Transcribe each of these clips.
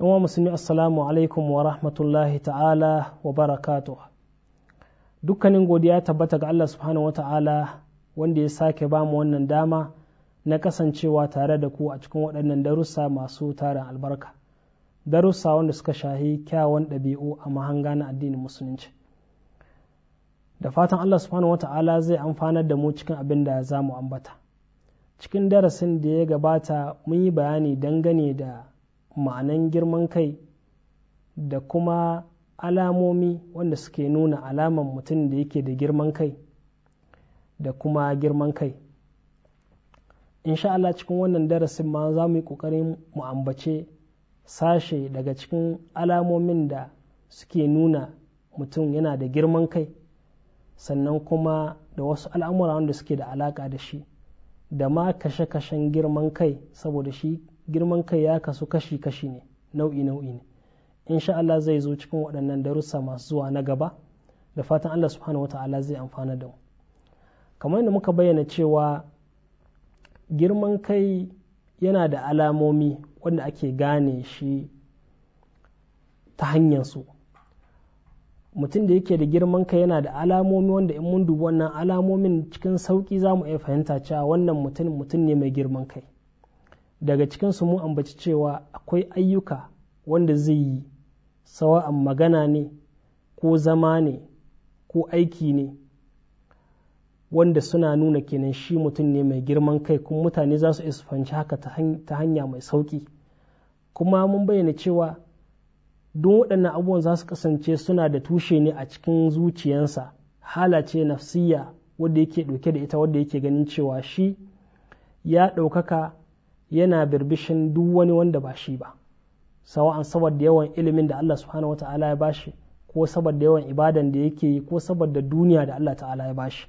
wa musulmi assalamu alaikum wa rahmatullahi ta'ala wa barakatuh dukkanin godiya tabbata ga Allah subhanahu wa ta'ala wanda ya sake ba mu wannan dama na kasancewa tare da ku a cikin waɗannan darussa masu tarin albarka darussa wanda suka shahi kyawun ɗabi'u a mahanga na addinin musulunci da fatan Allah subhanahu wa ta'ala zai amfana da mu cikin abin da za mu ambata cikin darasin da ya gabata mun yi bayani dangane da ma'anan girman kai da kuma alamomi wanda suke nuna alaman mutum da yake da girman kai da kuma girman kai sha Allah cikin wannan darasin ma za mu yi ƙoƙarin mu ambace sashe daga cikin alamomin da suke nuna mutum yana da girman kai sannan kuma da wasu al'amura wanda suke da alaƙa da shi da ma kashe-kashen girman kai saboda shi girman kai ya kasu kashi-kashi ne nau'i-nau'i ne insha Allah zai zo cikin waɗannan darussa masu zuwa na gaba da fatan Allah subhanahu wa ta'ala zai amfana da mu kamar yadda muka bayyana cewa girman kai yana da alamomi wanda ake gane shi ta hanyar su mutum da yake da girman kai yana da alamomi wanda in mun dubi wannan alamomin cikin sauƙi za mu iya fahimta cewa wannan mutum mutum ne mai girman kai daga cikinsu mu ambaci cewa akwai ayyuka wanda zai yi sawa'an magana ne ko zama ne ko aiki ne wanda suna nuna kenan shi mutum ne mai girman kai kuma mutane za su isfanci haka ta hanya mai sauƙi kuma mun bayyana cewa duk waɗannan abubuwan za su kasance suna da tushe ne a cikin zuciyansa halace nafsiyya wadda yake ɗauke da ita wadda yake ganin cewa shi ya ɗaukaka yana birbishin duk wani wanda ba shi ba sawa'an saboda yawan ilimin da Allah subhanahu wata'ala ya bashi ko saboda yawan ibadan da yake yi ko saboda duniya da Allah ta'ala ya bashi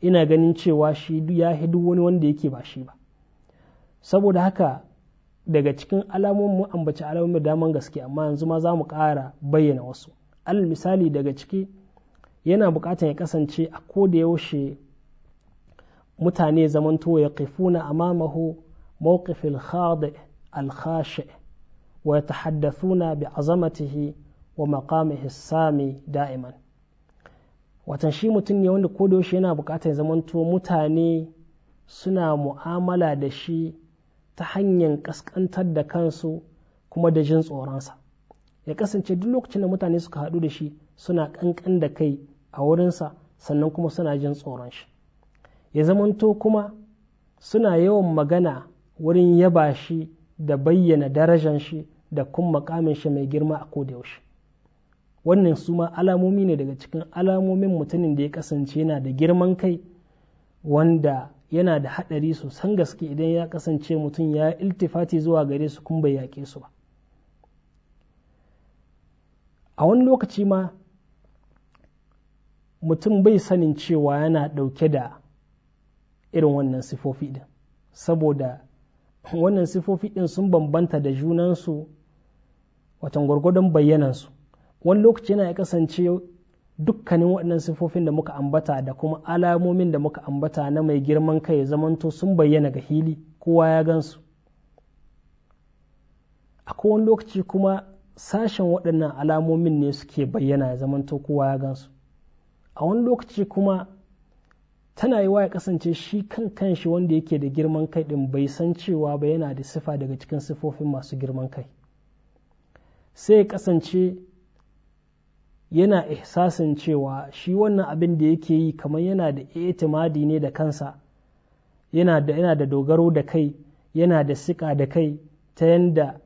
ina ganin cewa shi ya fi duk wani wanda yake ba shi ba saboda haka daga cikin alamomin mu ambaci alamomin daman gaske amma yanzu ma za mu bayyana wasu al misali daga ciki yana buƙatar ya kasance a ko da yaushe mutane zamanto ya kifuna amamahu موقف الخاضع الخاشع ويتحدثون wa ومقامه السامي daiman. watan shi mutum ne wanda ko yaushe yana bukatar zamanto mutane suna mu'amala da shi ta hanyar kaskantar da kansu kuma da jin tsoronsa ya kasance duk lokacin da mutane suka haɗu da shi suna kankan da kai a wurinsa sannan kuma suna jin tsoron shi ya zamanto kuma suna yawan magana wurin yaba shi da bayyana darajan shi da kun makamin shi mai girma a yaushe. wannan su ma alamomi ne daga cikin alamomin mutumin da ya kasance yana da girman kai wanda yana da haɗari sosan gaske idan ya kasance mutum ya iltifati zuwa gare su kun bai yaƙe su ba a wani lokaci ma mutum bai sanin cewa yana ɗauke da irin wannan sifofi din saboda wannan sifofi ɗin sun bambanta da junansu watan gwargwadon bayyanansu wani lokaci yana ya kasance dukkanin waɗannan sifofin da muka ambata da kuma alamomin da muka ambata na mai girman kai ya zamanto sun bayyana ga hili kowa ya gansu a kowane lokaci kuma sashen waɗannan alamomin ne suke bayyana ya zamanto kowa ya gansu a wani lokaci kuma tana yi wa ya kasance shi kan kanshi wanda yake da girman kai din bai san cewa ba yana da sifa daga cikin sifofin masu girman kai sai ya kasance yana ihsasin cewa shi wannan abin da yake yi kamar yana da itimadi ne da kansa yana da yana da dogaro da kai yana da sika da kai ta yanda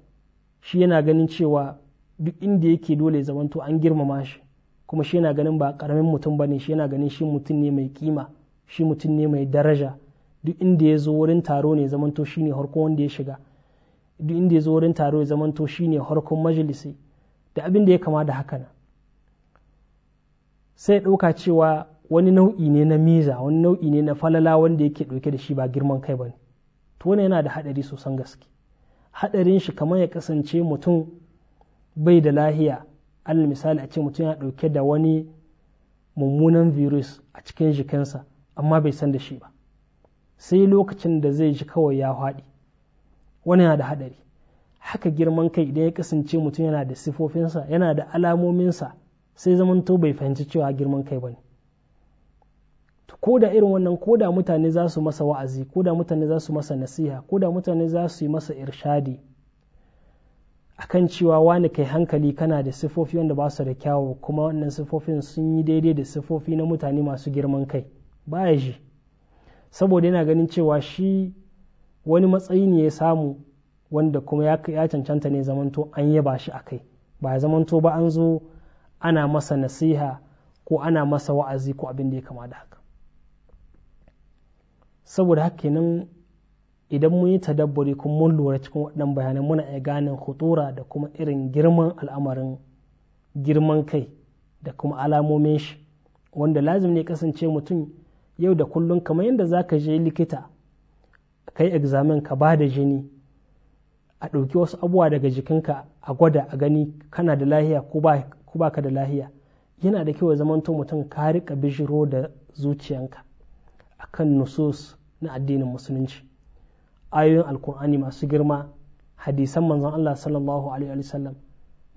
shi yana ganin cewa duk inda yake dole zamanto an girmama shi kuma shi yana ganin ba karamin mutum bane shi yana ganin shi mutum ne mai kima shi mutum ne mai daraja duk inda ya zo wurin taro ne zamanto shi ne harko wanda ya shiga duk inda ya zo wurin taro ya zamanto shi ne harkon majalisi da abin da ya kama da haka nan sai ɗauka cewa wani nau'i ne na miza wani nau'i ne na falala wanda yake ɗauke da shi ba girman kai ba ne to wani yana da haɗari sosan gaske haɗarin shi kamar ya kasance mutum bai da lahiya alal misali a ce mutum ya ɗauke da wani mummunan virus a cikin jikinsa amma bai san da shi ba sai lokacin da zai ji kawai ya haɗi wani yana da haɗari haka girman kai idan ya kasance mutum yana da sifofinsa yana da alamominsa sai zamanto bai fahimci cewa girman kai ba ne ko da irin wannan ko da mutane za su masa wa'azi ko da mutane za su masa nasiha ko da mutane za su yi masa irshadi akan cewa wani kai hankali kana da sifofi wanda ba su da kyawu kuma wannan sifofin sun yi daidai da sifofi na mutane masu girman kai baya ji saboda yana ganin cewa shi wani matsayi ne ya samu wanda kuma ya cancanta ne zamanto an yaba shi a kai ba ya zamanto ba an zo ana masa nasiha ko ana masa wa'azi ko abin da ya kama da haka saboda haka kenan idan mun yi tadabbari kuma mun lura cikin waɗannan bayanan muna iya ganin hutura da kuma irin girman al'amarin girman kai da kuma alamomin shi wanda lazim ne kasance mutum yau da kullum kamar yadda za ka je likita kai examen ka ba da jini a ɗauki wasu abubuwa daga jikinka a gwada a gani kana da lahiya ko ba ka da lahiya yana da kyau ya to mutum ka riƙa bijiro da zuciyanka akan nusus na addinin musulunci ayoyin alkur'ani masu girma hadisan manzon Allah sallallahu alaihi wasallam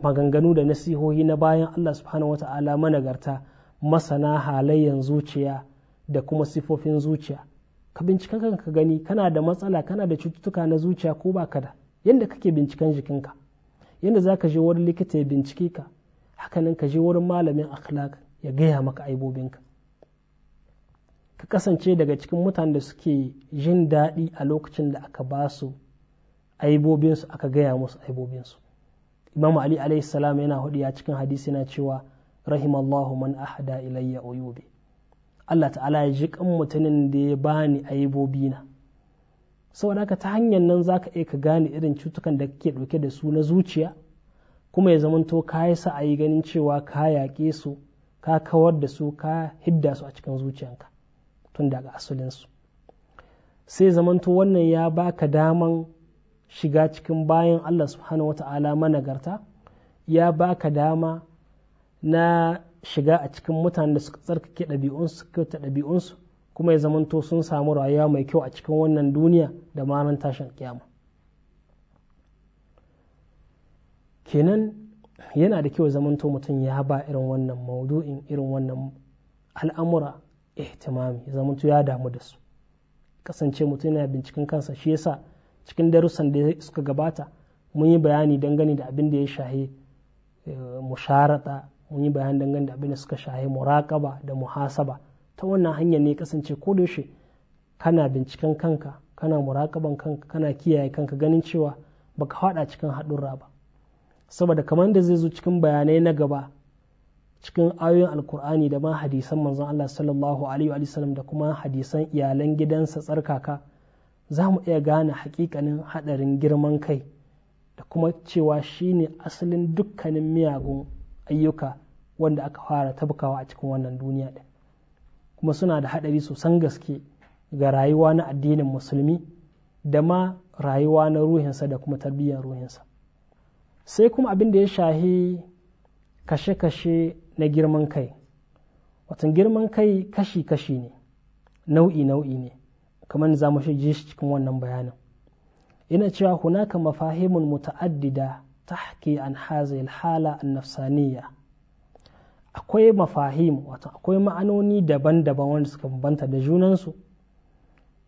maganganu da nasihohi na bayan Allah subhanahu ta'ala) managarta masana halayyan zuciya da kuma sifofin zuciya ka binciken kanka ka gani kana da matsala kana da cututtuka na zuciya ko ba ka da yadda kake binciken jikinka yadda za ka je wurin likita ya bincike ka hakanan ka je wurin malamin akhlaq ya gaya maka aibobinka ka kasance daga cikin mutanen da suke jin daɗi a lokacin da aka ba su aibobinsu aka gaya musu aibobinsu imam ali alaihi salam yana hudu ya cikin hadisi na cewa rahimallahu man ahada ilayya uyubi Allah ta'ala ya ji kan mutumin da ya bani aibobi na saboda haka ta hanyar nan zaka iya ka gane irin cutukan da kake dauke da su na zuciya kuma ya zamanto ka yi yi ganin cewa ka yaƙe su ka kawar da su ka hidda su a cikin zuciyanka tun daga asalinsu sai zamanto wannan ya baka daman shiga cikin bayan Allah subhanahu wata'ala managarta ya baka dama na shiga a cikin mutanen da suka tsarkake ɗabi'unsu kyauta ɗabi'unsu kuma ya zamanto sun samu rayuwa mai kyau a cikin wannan duniya da maran tashin kiyama kenan yana da kyau zamanto mutum ya ba irin wannan maudu'in irin wannan al'amura ihtimami ya zamanto ya damu da su kasance mutum yana binciken kansa shi yasa cikin darussan da suka gabata mun yi bayani dangane da abin da ya shahi eh, musharata mun yi bayan dangane da abin da suka shahi muraƙaba da muhasaba ta wannan hanyar ne kasance ko da yaushe kana binciken kanka kana muraƙaban kanka kana kiyaye kanka ganin cewa baka faɗa cikin haɗurra ba saboda kamar da zai zo cikin bayanai na gaba cikin ayoyin alkur'ani da ma hadisan manzon Allah sallallahu alaihi wa sallam da kuma hadisan iyalan gidansa tsarkaka za mu iya gane hakikanin haɗarin girman kai da kuma cewa shine asalin dukkanin miyagun ayyuka wanda aka fara tabkawa a cikin wannan duniya ɗin kuma suna da haɗari sosan gaske ga rayuwa na addinin musulmi da ma rayuwa na ruhinsa da kuma tarbiyyar ruhinsa sai kuma abin da ya shahi kashe-kashe na girman kai watan girman kai kashi-kashi ne nau'i-nau'i ne kamar za mu shi cikin wannan bayanin yana cewa hunaka mafahimun muta'addida تحكي عن هذه الحالة النفسانية akwai mafahim wato akwai ma'anoni daban-daban wanda suka bambanta da junansu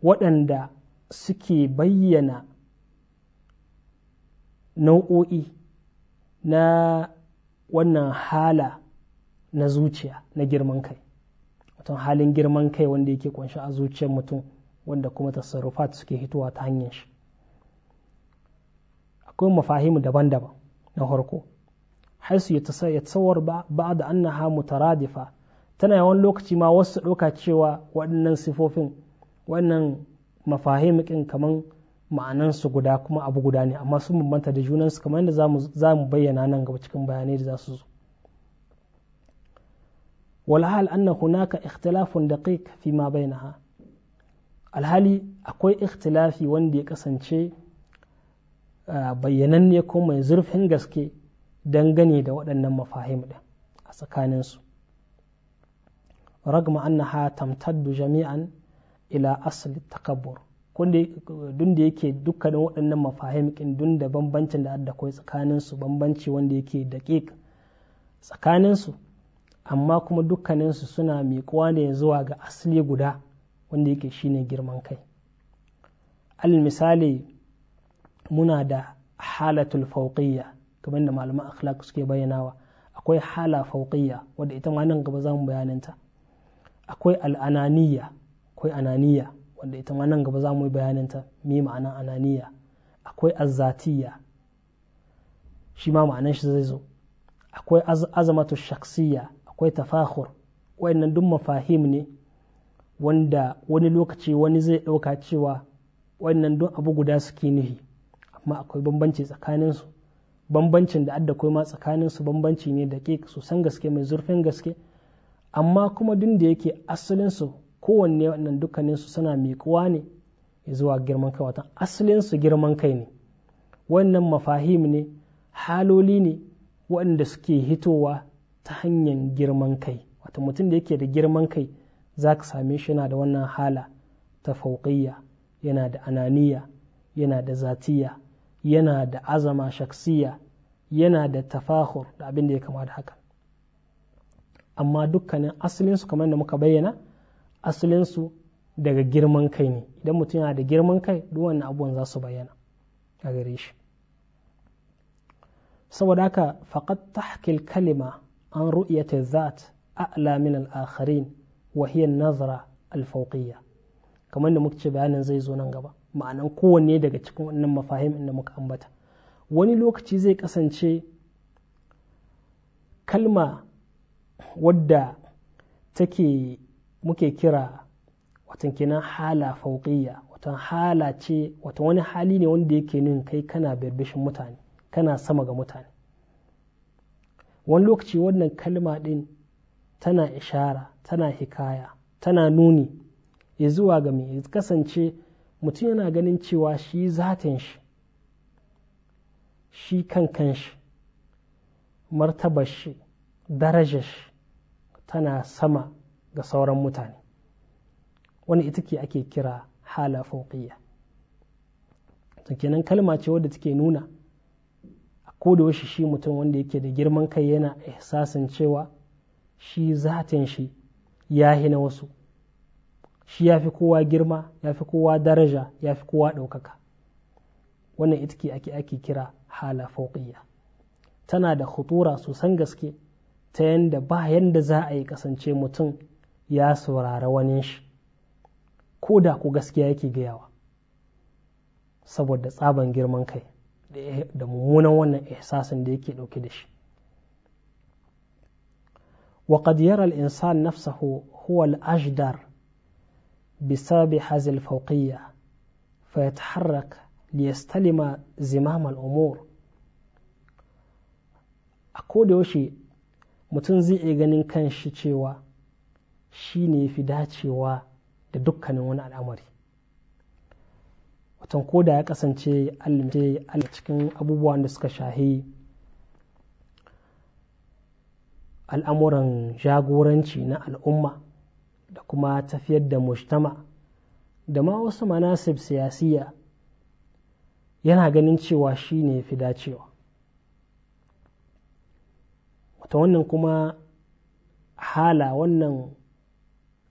waɗanda suke bayyana nau'o'i na wannan hala na zuciya na girman kai wato halin girman kai wanda yake ƙunshi a zuciyar mutum wanda kuma tasarrufat suke hitowa ta hanyar shi akwai mafahimu daban-daban na farko haisu ya tsawar ba da annaha mutaradifa tana yawan lokaci ma wasu ɗauka cewa waɗannan sifofin wannan mafahimin kaman ma'anansu guda kuma abu guda ne amma sun bambanta da junansu kamar yadda za mu bayyana nan gaba cikin bayanai da za su zo walhal anna hunaka ikhtilafun daqiq fi ma bainaha alhali akwai ikhtilafi wanda ya kasance Ah, bayyananne ko mai zurfin gaske dangane da waɗannan mafahim ɗin a tsakaninsu ragma annaha tamtaddu jami'an ila asali takabbur dun da yake dukkanin waɗannan mafahim ɗin dun da bambancin da adda kai tsakaninsu bambanci wanda yake daƙiƙ tsakaninsu amma kuma dukkaninsu suna miƙuwa ne zuwa ga asali guda wanda yake shine girman kai al misali muna da halatul fauqiyya kamar da malaman akhlaq suke bayyanawa akwai hala fauqiyya wadda ita ma nan gaba zamu bayaninta akwai al'ananiya akwai ananiyya wanda ita ma nan gaba zamu yi bayaninta me ma'ana ananiya akwai zatiyya shi ma ma'anan shi zai zo akwai azamatu shakhsiyya akwai tafakhur wayannan duk mafahim ne wanda wani lokaci wani zai ɗauka cewa wayannan duk abu guda suke nuhi kuma akwai bambanci tsakanin su bambancin da adda ma tsakanin su bambanci ne daƙiƙ sosan gaske mai zurfin gaske amma kuma duk da yake asalin su kowanne wannan dukkanin su suna miƙuwa ne zuwa girman kai watan asalin su girman kai ne wannan mafahim ne haloli ne waɗanda suke hitowa ta hanyar girman kai wata mutum da yake da girman kai za ka same shi yana da wannan hala ta fauƙiyya yana da ananiya yana da zatiya yana da azama shaksiya yana da tafahur da abin da ya kama da haka amma dukkanin asalinsu kamar da muka bayyana asalinsu daga girman kai ne idan mutum yana da girman kai duk wannan abubuwan za su bayyana a gare shi saboda haka faqad tahkil kalima an ru'yati zat a'la min al-akharin wa hiya nazara al-fawqiyya kamar da muka ce bayanin zai zo nan gaba ma'anan kowanne daga cikin wannan mafahim inda muka ambata wani lokaci zai kasance kalma wadda take muke kira watan kenan hala fauqiyya watan hala ce watan wani hali ne wanda yake nun kai kana birbishin mutane kana sama ga mutane wani lokaci wannan kalma din tana ishara tana hikaya tana nuni ya zuwa ga mai kasance mutum yana ganin cewa shi zatin shi shi kankan shi martabar shi darajar shi tana sama ga sauran mutane wani ita ke ake kira hala fauqiyya to kenan kalma ce wadda take nuna a koda shi mutum wanda yake da girman kai yana ihsasin cewa shi zatin shi ya na wasu shi ya fi kowa girma ya fi kowa daraja ya fi kowa ɗaukaka wannan ita ake ake kira hala fauƙiya tana da hutura sosan gaske ta yadda ba yadda za a yi kasance mutum ya saurara wani shi ko da ku gaskiya yake gayawa saboda tsaban girman kai da mummunan wannan ihsasin da yake ɗauke da shi وقد يرى الإنسان نفسه هو الأجدر بسابحة الفوقية فيتحرك ليستلم زمام الأمور a yaushe mutum zai iya ganin kan shi cewa shi ne fi dacewa da dukkanin wani al'amari watan koda ya kasance alimce a cikin abubuwan da suka shahi al'amuran jagoranci na al'umma da kuma tafiyar da mujtama da ma wasu manasib siyasiya yana ganin cewa shi ne fi dacewa wata wannan kuma hala wannan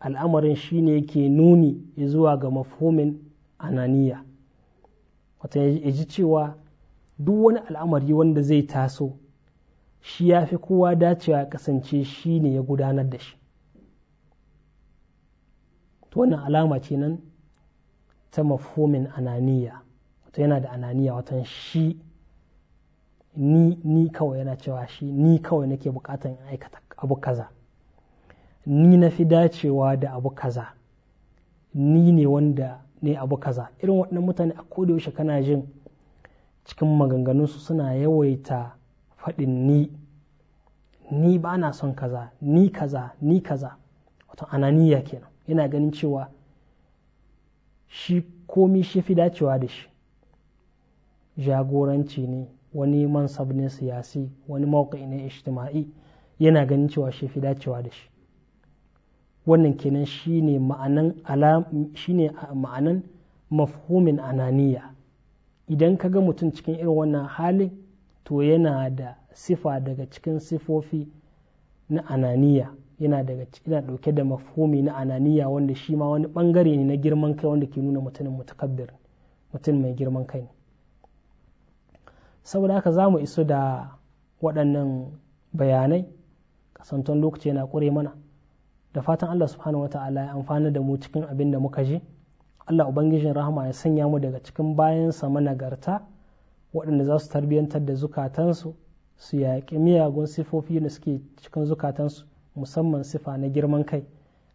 al'amarin shi ne ke nuni zuwa ga mafhumin ananiya wata ya ji cewa duk wani al'amari wanda zai taso shi ya fi kowa dacewa kasance shi ne ya gudanar da shi to wannan alama ce nan ta mafomin ananiya to yana da ananiya watan shi ni ni kawai yana cewa shi ni kawai nake bukatan aikata abu kaza ni na fi dacewa da abu kaza ni ne wanda ne abu kaza irin waɗannan mutane a yaushe kana jin cikin maganganunsu suna yawaita faɗin ni ni ba na son kaza ni kaza ni kaza wato ananiya kenan yana ganin cewa shi komi shi fi dacewa da shi jagoranci ne wani mansab ne siyasi wani mawuƙi ne Ishtima'i. yana ganin cewa shi fi dacewa da shi wannan kenan shi ne ma'anan mafhumin ananiya idan ka ga mutum cikin irin wannan hali, to yana da sifa daga cikin sifofi na ananiya yana daga yana dauke da mafhumi na ananiya wanda shi ma wani bangare ne na girman kai wanda ke nuna mutumin mutakabbir mutum mai girman kai ne saboda haka za mu iso da waɗannan bayanai kasanton lokaci yana ƙure mana da fatan Allah subhanahu wata'ala ya amfana da mu cikin abin da muka ji Allah ubangijin rahama ya sanya mu daga cikin bayan sa managarta waɗanda za su tarbiyyantar da zukatansu su yaƙi miyagun sifofi da suke cikin zukatansu musamman sifa na girman kai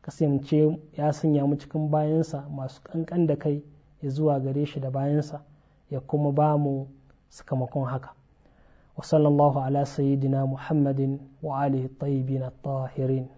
kasance ya sanya mu cikin bayansa masu kankan da kai ya zuwa gare shi da bayansa ya kuma ba mu sakamakon haka wa sallallahu ala sayyidina muhammadin wa alihi tayyibin at-tahirin